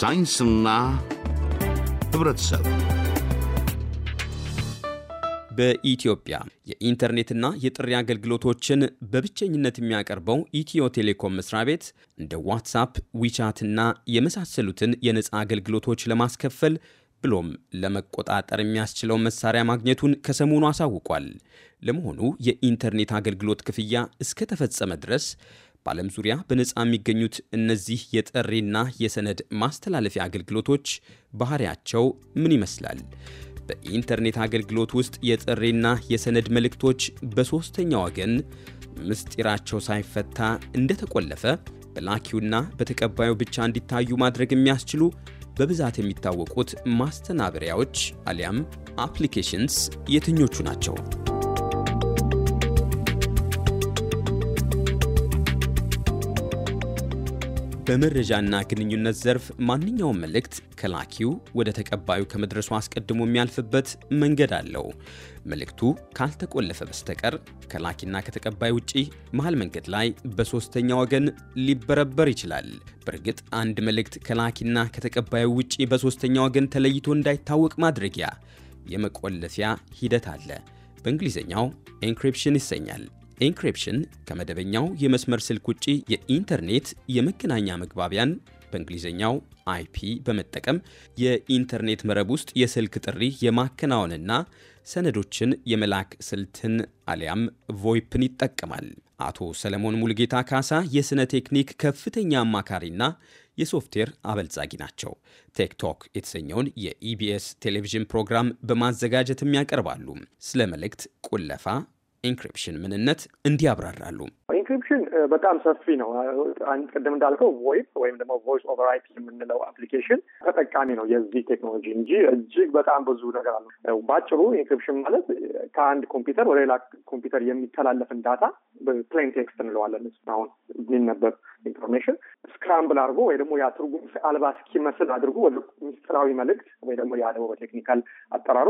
ሳይንስና ህብረተሰብ በኢትዮጵያ የኢንተርኔትና የጥሪ አገልግሎቶችን በብቸኝነት የሚያቀርበው ኢትዮ ቴሌኮም መስሪያ ቤት እንደ ዋትሳፕ፣ ዊቻትና የመሳሰሉትን የነፃ አገልግሎቶች ለማስከፈል ብሎም ለመቆጣጠር የሚያስችለው መሳሪያ ማግኘቱን ከሰሞኑ አሳውቋል። ለመሆኑ የኢንተርኔት አገልግሎት ክፍያ እስከተፈጸመ ድረስ በዓለም ዙሪያ በነፃ የሚገኙት እነዚህ የጥሪና የሰነድ ማስተላለፊያ አገልግሎቶች ባህሪያቸው ምን ይመስላል? በኢንተርኔት አገልግሎት ውስጥ የጥሪና የሰነድ መልእክቶች በሦስተኛ ወገን ምስጢራቸው ሳይፈታ እንደተቆለፈ በላኪውና በተቀባዩ ብቻ እንዲታዩ ማድረግ የሚያስችሉ በብዛት የሚታወቁት ማስተናበሪያዎች አሊያም አፕሊኬሽንስ የትኞቹ ናቸው? በመረጃና ግንኙነት ዘርፍ ማንኛውም መልእክት ከላኪው ወደ ተቀባዩ ከመድረሱ አስቀድሞ የሚያልፍበት መንገድ አለው። መልእክቱ ካልተቆለፈ በስተቀር ከላኪና ከተቀባይ ውጪ መሀል መንገድ ላይ በሶስተኛ ወገን ሊበረበር ይችላል። በእርግጥ አንድ መልእክት ከላኪና ከተቀባዩ ውጪ በሶስተኛ ወገን ተለይቶ እንዳይታወቅ ማድረጊያ የመቆለፊያ ሂደት አለ። በእንግሊዝኛው ኤንክሪፕሽን ይሰኛል። ኢንክሪፕሽን ከመደበኛው የመስመር ስልክ ውጪ የኢንተርኔት የመገናኛ መግባቢያን በእንግሊዝኛው አይፒ በመጠቀም የኢንተርኔት መረብ ውስጥ የስልክ ጥሪ የማከናወንና ሰነዶችን የመላክ ስልትን አሊያም ቮይፕን ይጠቀማል። አቶ ሰለሞን ሙልጌታ ካሳ የሥነ ቴክኒክ ከፍተኛ አማካሪና የሶፍትዌር አበልጻጊ ናቸው። ቴክቶክ የተሰኘውን የኢቢኤስ ቴሌቪዥን ፕሮግራም በማዘጋጀትም ያቀርባሉ። ስለ መልእክት ቁለፋ ኢንክሪፕሽን ምንነት እንዲያብራራሉ። ኢንክሪፕሽን በጣም ሰፊ ነው። አንድ ቅድም እንዳልከው ቮይፕ ወይም ደግሞ ቮይስ ኦቨር አይፒ የምንለው አፕሊኬሽን ተጠቃሚ ነው የዚህ ቴክኖሎጂ እንጂ እጅግ በጣም ብዙ ነገር አለ። በአጭሩ ኢንክሪፕሽን ማለት ከአንድ ኮምፒውተር ወደ ሌላ ኮምፒውተር የሚተላለፍን ዳታ ፕሌን ቴክስት እንለዋለን። አሁን የሚነበብ ኢንፎርሜሽን ስክራምብል አድርጎ ወይ ደግሞ ያ ትርጉም አልባ እስኪመስል አድርጎ ወደ ሚስጥራዊ መልእክት ወይ ደግሞ ያ ደግሞ በቴክኒካል አጠራሩ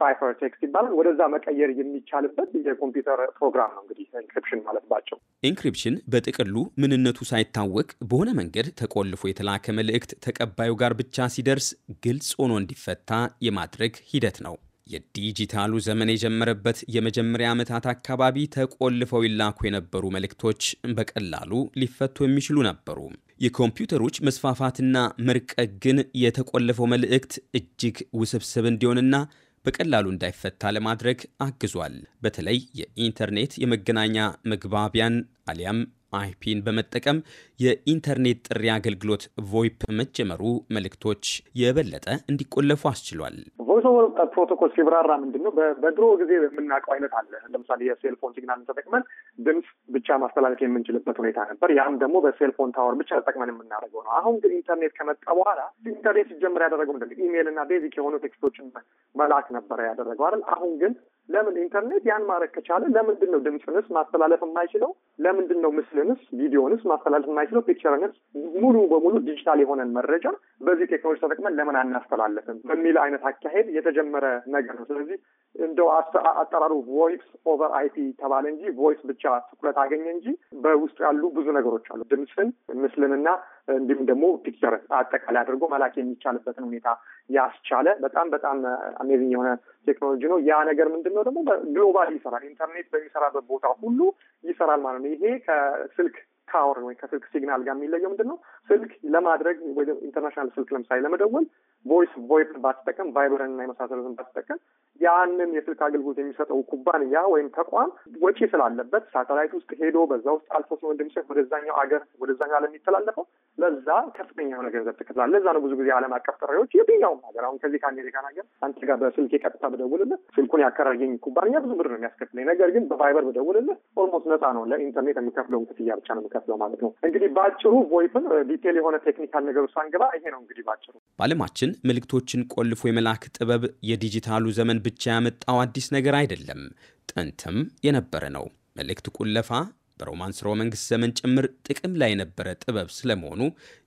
ሳይፈር ቴክስት ይባላል። ወደዛ መቀየር የሚቻልበት የኮምፒውተር ፕሮግራም ነው። እንግዲህ ኢንክሪፕሽን ማለት ባቸው ኢንክሪፕሽን በጥቅሉ ምንነቱ ሳይታወቅ በሆነ መንገድ ተቆልፎ የተላከ መልእክት ተቀባዩ ጋር ብቻ ሲደርስ ግልጽ ሆኖ እንዲፈታ የማድረግ ሂደት ነው። የዲጂታሉ ዘመን የጀመረበት የመጀመሪያ ዓመታት አካባቢ ተቆልፈው ይላኩ የነበሩ መልእክቶች በቀላሉ ሊፈቱ የሚችሉ ነበሩ። የኮምፒውተሮች መስፋፋትና መርቀቅ ግን የተቆለፈው መልእክት እጅግ ውስብስብ እንዲሆንና በቀላሉ እንዳይፈታ ለማድረግ አግዟል። በተለይ የኢንተርኔት የመገናኛ መግባቢያን አሊያም አይፒን በመጠቀም የኢንተርኔት ጥሪ አገልግሎት ቮይፕ መጀመሩ መልእክቶች የበለጠ እንዲቆለፉ አስችሏል። ቮይስ ኦቨር ፕሮቶኮል ሲብራራ ምንድን ነው? በድሮ ጊዜ የምናውቀው አይነት አለ። ለምሳሌ የሴልፎን ሲግናልን ተጠቅመን ድምፅ ብቻ ማስተላለፍ የምንችልበት ሁኔታ ነበር። ያም ደግሞ በሴልፎን ታወር ብቻ ተጠቅመን የምናደርገው ነው። አሁን ግን ኢንተርኔት ከመጣ በኋላ ኢንተርኔት ሲጀምር ያደረገው ምንድን ነው? ኢሜይል እና ቤዚክ የሆኑ ቴክስቶችን መላክ ነበረ ያደረገው አይደል? አሁን ግን ለምን ኢንተርኔት ያን ማድረግ ከቻለ ለምንድን ነው ድምፅንስ ማስተላለፍ የማይችለው? ለምንድን ነው ምስልንስ ቪዲዮንስ ማስተላለፍ የማይችለው? ፒክቸርንስ ሙሉ በሙሉ ዲጂታል የሆነን መረጃ በዚህ ቴክኖሎጂ ተጠቅመን ለምን አናስተላለፍም? በሚል አይነት አካሄድ የተጀመረ ነገር ነው። ስለዚህ እንደው አጠራሩ ቮይስ ኦቨር አይፒ ተባለ እንጂ ቮይስ ብቻ ትኩረት አገኘ እንጂ በውስጡ ያሉ ብዙ ነገሮች አሉ። ድምፅን፣ ምስልንና እንዲሁም ደግሞ ፒክቸር አጠቃላይ አድርጎ መላክ የሚቻልበትን ሁኔታ ያስቻለ በጣም በጣም አሜዚንግ የሆነ ቴክኖሎጂ ነው። ያ ነገር ምንድን ይሄኛው ደግሞ ግሎባል ይሰራል። ኢንተርኔት በሚሰራበት ቦታ ሁሉ ይሰራል ማለት ነው። ይሄ ከስልክ ታወር ወይ ከስልክ ሲግናል ጋር የሚለየው ምንድን ነው? ስልክ ለማድረግ ወይ ኢንተርናሽናል ስልክ ለምሳሌ ለመደወል ቮይስ ቮይፕ ባትጠቀም ቫይበርን እና የመሳሰሉትን ባትጠቀም ያንን የስልክ አገልግሎት የሚሰጠው ኩባንያ ወይም ተቋም ወጪ ስላለበት ሳተላይት ውስጥ ሄዶ በዛ ውስጥ አልፎ ነው ወደዛኛው አገር ወደዛኛው ዓለም የሚተላለፈው ለዛ ከፍተኛ የሆነ ገንዘብ ትከፍላለህ። ለዛ ነው ብዙ ጊዜ ዓለም አቀፍ ጥሪዎች የትኛውም ሀገር አሁን ከዚህ ከአሜሪካ ሀገር አንተ ጋር በስልክ ቀጥታ ብደውልልህ ስልኩን ያከራየኝ ኩባንያ ብዙ ብር ነው የሚያስከፍለኝ። ነገር ግን በቫይበር ብደውልልህ ኦልሞስት ነፃ ነው። ለኢንተርኔት የምከፍለውን ክፍያ ብቻ ነው የምከፍለው ማለት ነው። እንግዲህ በአጭሩ ቮይፕን ዲቴል የሆነ ቴክኒካል ነገር ውስጥ አንገባ። ይሄ ነው እንግዲህ በአጭሩ በዓለማችን መልእክቶችን ቆልፎ የመላክ ጥበብ የዲጂታሉ ዘመን ብቻ ያመጣው አዲስ ነገር አይደለም፣ ጥንትም የነበረ ነው። መልእክት ቁለፋ በሮማን ስርወ መንግስት ዘመን ጭምር ጥቅም ላይ የነበረ ጥበብ ስለመሆኑ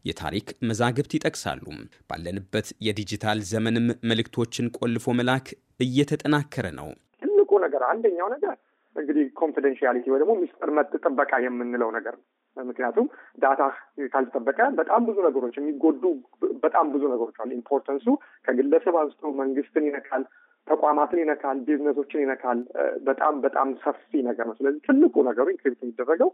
የታሪክ መዛግብት ይጠቅሳሉ። ባለንበት የዲጂታል ዘመንም መልእክቶችን ቆልፎ መላክ እየተጠናከረ ነው። ትልቁ ነገር አንደኛው ነገር እንግዲህ ኮንፊደንሺያሊቲ ወይ ደግሞ ሚስጥር መጥ ጥበቃ የምንለው ነገር ነው። ምክንያቱም ዳታ ካልተጠበቀ በጣም ብዙ ነገሮች የሚጎዱ በጣም ብዙ ነገሮች አሉ። ኢምፖርተንሱ ከግለሰብ አንስቶ መንግስትን ይነካል፣ ተቋማትን ይነካል፣ ቢዝነሶችን ይነካል። በጣም በጣም ሰፊ ነገር ነው። ስለዚህ ትልቁ ነገሩ ኢንክሪፕት የሚደረገው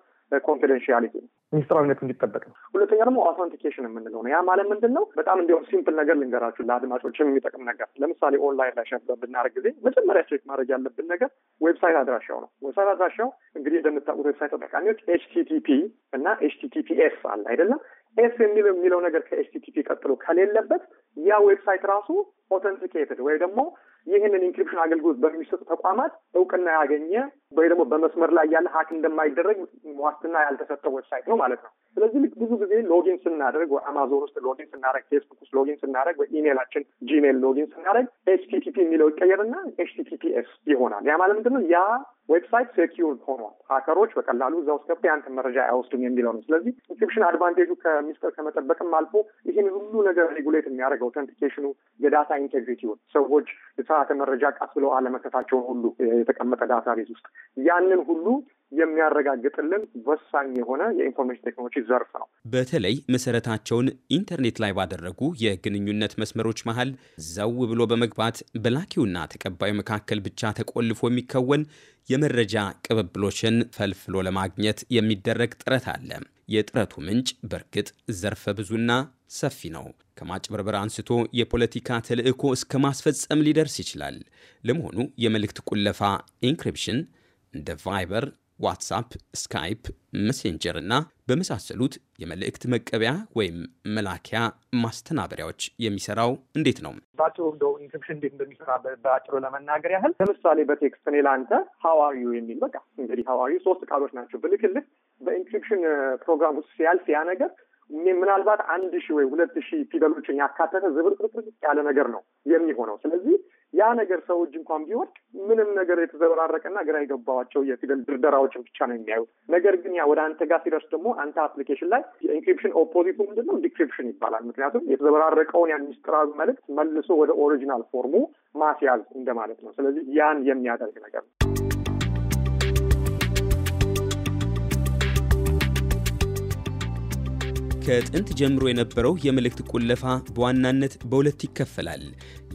ኮንፊደንሺያሊቲ ነው፣ ሚስጥራዊነቱ እንዲጠበቅ ነው። ሁለተኛ ደግሞ አውተንቲኬሽን የምንለው ነው። ያ ማለት ምንድን ነው? በጣም እንዲሁም ሲምፕል ነገር ልንገራችሁ፣ ለአድማጮች የሚጠቅም ነገር። ለምሳሌ ኦንላይን ላይ ሸፍ በምናደርግ ጊዜ መጀመሪያ ቼክ ማድረግ ያለብን ነገር ዌብሳይት አድራሻው ነው። ዌብሳይት አድራሻው እንግዲህ እንደምታውቁት ዌብሳይት ተጠቃሚዎች ኤችቲቲፒ እና ኤስ አለ አይደለም ኤስ የሚለው የሚለው ነገር ከኤችቲቲፒ ቀጥሎ ከሌለበት ያ ዌብሳይት ራሱ ኦተንቲኬትድ ወይ ደግሞ ይህንን ኢንክሪፕሽን አገልግሎት በሚሰጡ ተቋማት እውቅና ያገኘ ወይ ደግሞ በመስመር ላይ ያለ ሀክ እንደማይደረግ ዋስትና ያልተሰጠው ዌብሳይት ነው ማለት ነው። ስለዚህ ልክ ብዙ ጊዜ ሎጊን ስናደርግ አማዞን ውስጥ ሎጊን ስናደረግ፣ ፌስቡክ ውስጥ ሎጊን ስናደረግ፣ በኢሜይላችን ጂሜል ሎጊን ስናደረግ ኤችቲቲፒ የሚለው ይቀየርና ኤችቲቲፒኤስ ይሆናል። ያ ማለት ምንድነው? ያ ዌብሳይት ሴኪር ሆኗል። ሀከሮች በቀላሉ እዛ ውስጥ ገብተው ያንተን መረጃ አይወስዱም የሚለው ነው። ስለዚህ ኢንክሪፕሽን አድቫንቴጁ ከሚስጥር ከመጠበቅም አልፎ ይህን ሁሉ ነገር ሬጉሌት የሚያደርገው ኦተንቲኬሽኑ፣ የዳታ ኢንቴግሪቲውን ሰዎች የተሳሳተ መረጃ ቃስ ብለው አለመከታቸውን ሁሉ የተቀመጠ ዳታ ቤዝ ውስጥ ያንን ሁሉ የሚያረጋግጥልን ወሳኝ የሆነ የኢንፎርሜሽን ቴክኖሎጂ ዘርፍ ነው። በተለይ መሰረታቸውን ኢንተርኔት ላይ ባደረጉ የግንኙነት መስመሮች መሀል ዘው ብሎ በመግባት በላኪውና ተቀባዩ መካከል ብቻ ተቆልፎ የሚከወን የመረጃ ቅብብሎችን ፈልፍሎ ለማግኘት የሚደረግ ጥረት አለ። የጥረቱ ምንጭ በእርግጥ ዘርፈ ብዙና ሰፊ ነው። ከማጭበርበር አንስቶ የፖለቲካ ተልዕኮ እስከ ማስፈጸም ሊደርስ ይችላል። ለመሆኑ የመልእክት ቁለፋ ኢንክሪፕሽን እንደ ቫይበር ዋትሳፕ፣ ስካይፕ፣ መሴንጀር እና በመሳሰሉት የመልእክት መቀበያ ወይም መላኪያ ማስተናበሪያዎች የሚሰራው እንዴት ነው? በአጭሩ እንደው ኢንክሪፕሽን እንዴት እንደሚሰራ በአጭሩ ለመናገር ያህል ለምሳሌ በቴክስት እኔ ለአንተ ሀዋሪዩ የሚል በቃ እንግዲህ ሀዋሪዩ ሶስት ቃሎች ናቸው ብልክልህ በኢንክሪፕሽን ፕሮግራም ውስጥ ሲያልፍ ያ ነገር ምናልባት አንድ ሺህ ወይ ሁለት ሺህ ፊደሎችን ያካተተ ዝብርቅርቅርቅ ያለ ነገር ነው የሚሆነው። ስለዚህ ያ ነገር ሰው እጅ እንኳን ቢወድቅ ምንም ነገር የተዘበራረቀና ግራ የገባዋቸው የፊደል ድርደራዎችን ብቻ ነው የሚያዩ። ነገር ግን ያ ወደ አንተ ጋር ሲደርስ ደግሞ አንተ አፕሊኬሽን ላይ የኢንክሪፕሽን ኦፖዚቱ ምንድን ነው? ዲክሪፕሽን ይባላል። ምክንያቱም የተዘበራረቀውን ያን ሚስጥራዊ መልሶ ወደ ኦሪጂናል ፎርሙ ማስያዝ እንደማለት ነው። ስለዚህ ያን የሚያደርግ ነገር ነው። ከጥንት ጀምሮ የነበረው የመልእክት ቁለፋ በዋናነት በሁለት ይከፈላል።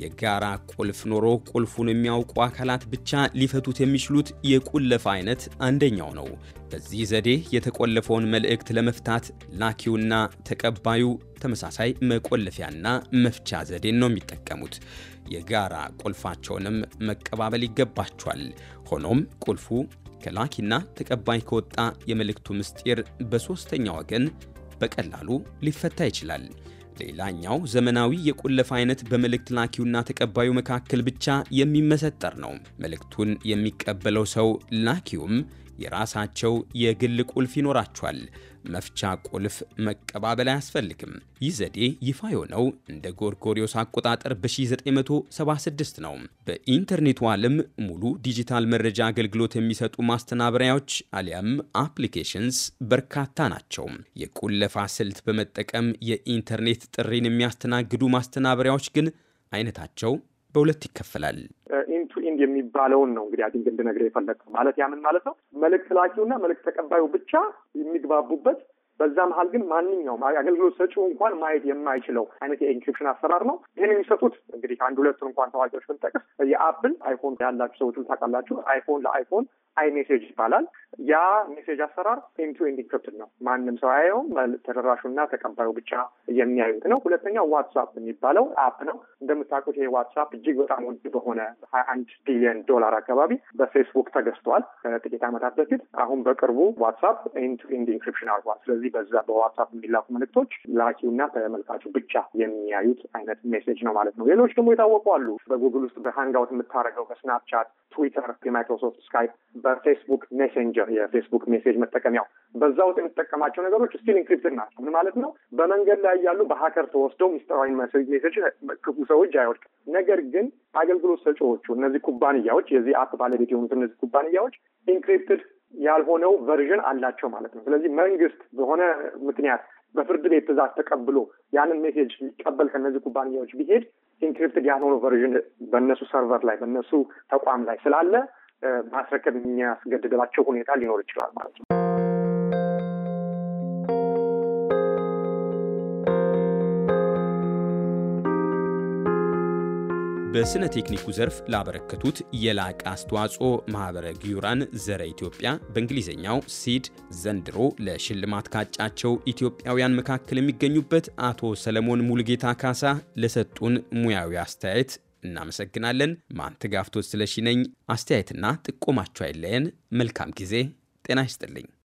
የጋራ ቁልፍ ኖሮ ቁልፉን የሚያውቁ አካላት ብቻ ሊፈቱት የሚችሉት የቁለፋ አይነት አንደኛው ነው። በዚህ ዘዴ የተቆለፈውን መልእክት ለመፍታት ላኪውና ተቀባዩ ተመሳሳይ መቆለፊያና መፍቻ ዘዴን ነው የሚጠቀሙት። የጋራ ቁልፋቸውንም መቀባበል ይገባቸዋል። ሆኖም ቁልፉ ከላኪና ተቀባይ ከወጣ የመልእክቱ ምስጢር በሦስተኛ ወገን በቀላሉ ሊፈታ ይችላል። ሌላኛው ዘመናዊ የቁልፍ አይነት በመልእክት ላኪውና ተቀባዩ መካከል ብቻ የሚመሰጠር ነው። መልእክቱን የሚቀበለው ሰው ላኪውም የራሳቸው የግል ቁልፍ ይኖራቸዋል። መፍቻ ቁልፍ መቀባበል አያስፈልግም። ይህ ዘዴ ይፋ የሆነው እንደ ጎርጎሪዮስ አቆጣጠር በ1976 ነው። በኢንተርኔቱ ዓለም ሙሉ ዲጂታል መረጃ አገልግሎት የሚሰጡ ማስተናበሪያዎች አሊያም አፕሊኬሽንስ በርካታ ናቸው። የቁለፋ ስልት በመጠቀም የኢንተርኔት ጥሪን የሚያስተናግዱ ማስተናበሪያዎች ግን አይነታቸው በሁለት ይከፈላል። ቱ ኢንድ የሚባለውን ነው እንግዲህ አይ እንድነግር የፈለግ የፈለግከው ማለት ያምን ማለት ነው መልእክት ላኪውና መልእክት ተቀባዩ ብቻ የሚግባቡበት በዛ መሀል ግን ማንኛውም አገልግሎት ሰጪው እንኳን ማየት የማይችለው አይነት የኢንክሪፕሽን አሰራር ነው። ይህን የሚሰጡት እንግዲህ አንድ ሁለቱን እንኳን ታዋቂዎች ብንጠቅስ የአፕል አይፎን ያላችሁ ሰዎች ታውቃላችሁ። አይፎን ለአይፎን አይ ሜሴጅ ይባላል። ያ ሜሴጅ አሰራር ኢንቱ ቱ ኤንድ ኢንክሪፕትድ ነው። ማንም ሰው አያየውም። ተደራሹና ተቀባዩ ብቻ የሚያዩት ነው። ሁለተኛ ዋትሳፕ የሚባለው አፕ ነው። እንደምታውቁት ይሄ ዋትሳፕ እጅግ በጣም ውድ በሆነ ሀያ አንድ ቢሊዮን ዶላር አካባቢ በፌስቡክ ተገዝቷል ከጥቂት ዓመታት በፊት። አሁን በቅርቡ ዋትሳፕ ኢንቱ ቱ ኤንድ ኢንክሪፕሽን ስለዚህ በዚህ በዛ በዋትሳፕ የሚላኩ መልእክቶች ላኪውና ተመልካቹ ብቻ የሚያዩት አይነት ሜሴጅ ነው ማለት ነው። ሌሎች ደግሞ የታወቁ አሉ። በጉግል ውስጥ በሃንጋውት የምታደርገው በስናፕቻት፣ ትዊተር፣ የማይክሮሶፍት ስካይፕ፣ በፌስቡክ ሜሴንጀር የፌስቡክ ሜሴጅ መጠቀሚያው በዛ ውስጥ የምጠቀማቸው ነገሮች ስቲል ኢንክሪፕትድ ናቸው። ምን ማለት ነው? በመንገድ ላይ ያሉ በሀከር ተወስደው ሚስጥራዊ ሜሴጅ ክፉ ሰዎች አይወድቅ። ነገር ግን አገልግሎት ሰጪዎቹ እነዚህ ኩባንያዎች የዚህ አፕ ባለቤት የሆኑት እነዚህ ኩባንያዎች ኢንክሪፕትድ ያልሆነው ቨርዥን አላቸው ማለት ነው። ስለዚህ መንግስት በሆነ ምክንያት በፍርድ ቤት ትእዛዝ ተቀብሎ ያንን ሜሴጅ ሊቀበል ከነዚህ ኩባንያዎች ቢሄድ ኢንክሪፕትድ ያልሆነ ቨርዥን በእነሱ ሰርቨር ላይ በእነሱ ተቋም ላይ ስላለ ማስረከብ የሚያስገድዳቸው ሁኔታ ሊኖር ይችላል ማለት ነው። በስነ ቴክኒኩ ዘርፍ ላበረከቱት የላቀ አስተዋጽኦ ማኅበረ ጊዩራን ዘረ ኢትዮጵያ በእንግሊዝኛው ሲድ ዘንድሮ ለሽልማት ካጫቸው ኢትዮጵያውያን መካከል የሚገኙበት አቶ ሰለሞን ሙልጌታ ካሳ ለሰጡን ሙያዊ አስተያየት እናመሰግናለን። ማንተጋፍቶት ስለሺ ነኝ። አስተያየትና ጥቆማችሁ አይለየን። መልካም ጊዜ። ጤና ይስጥልኝ።